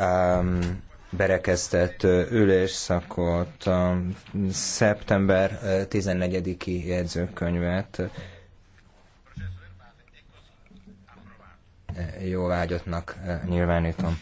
um, berekeztett ülésszakot, a szeptember 14-i jegyzőkönyvet jóvágyottnak nyilvánítom.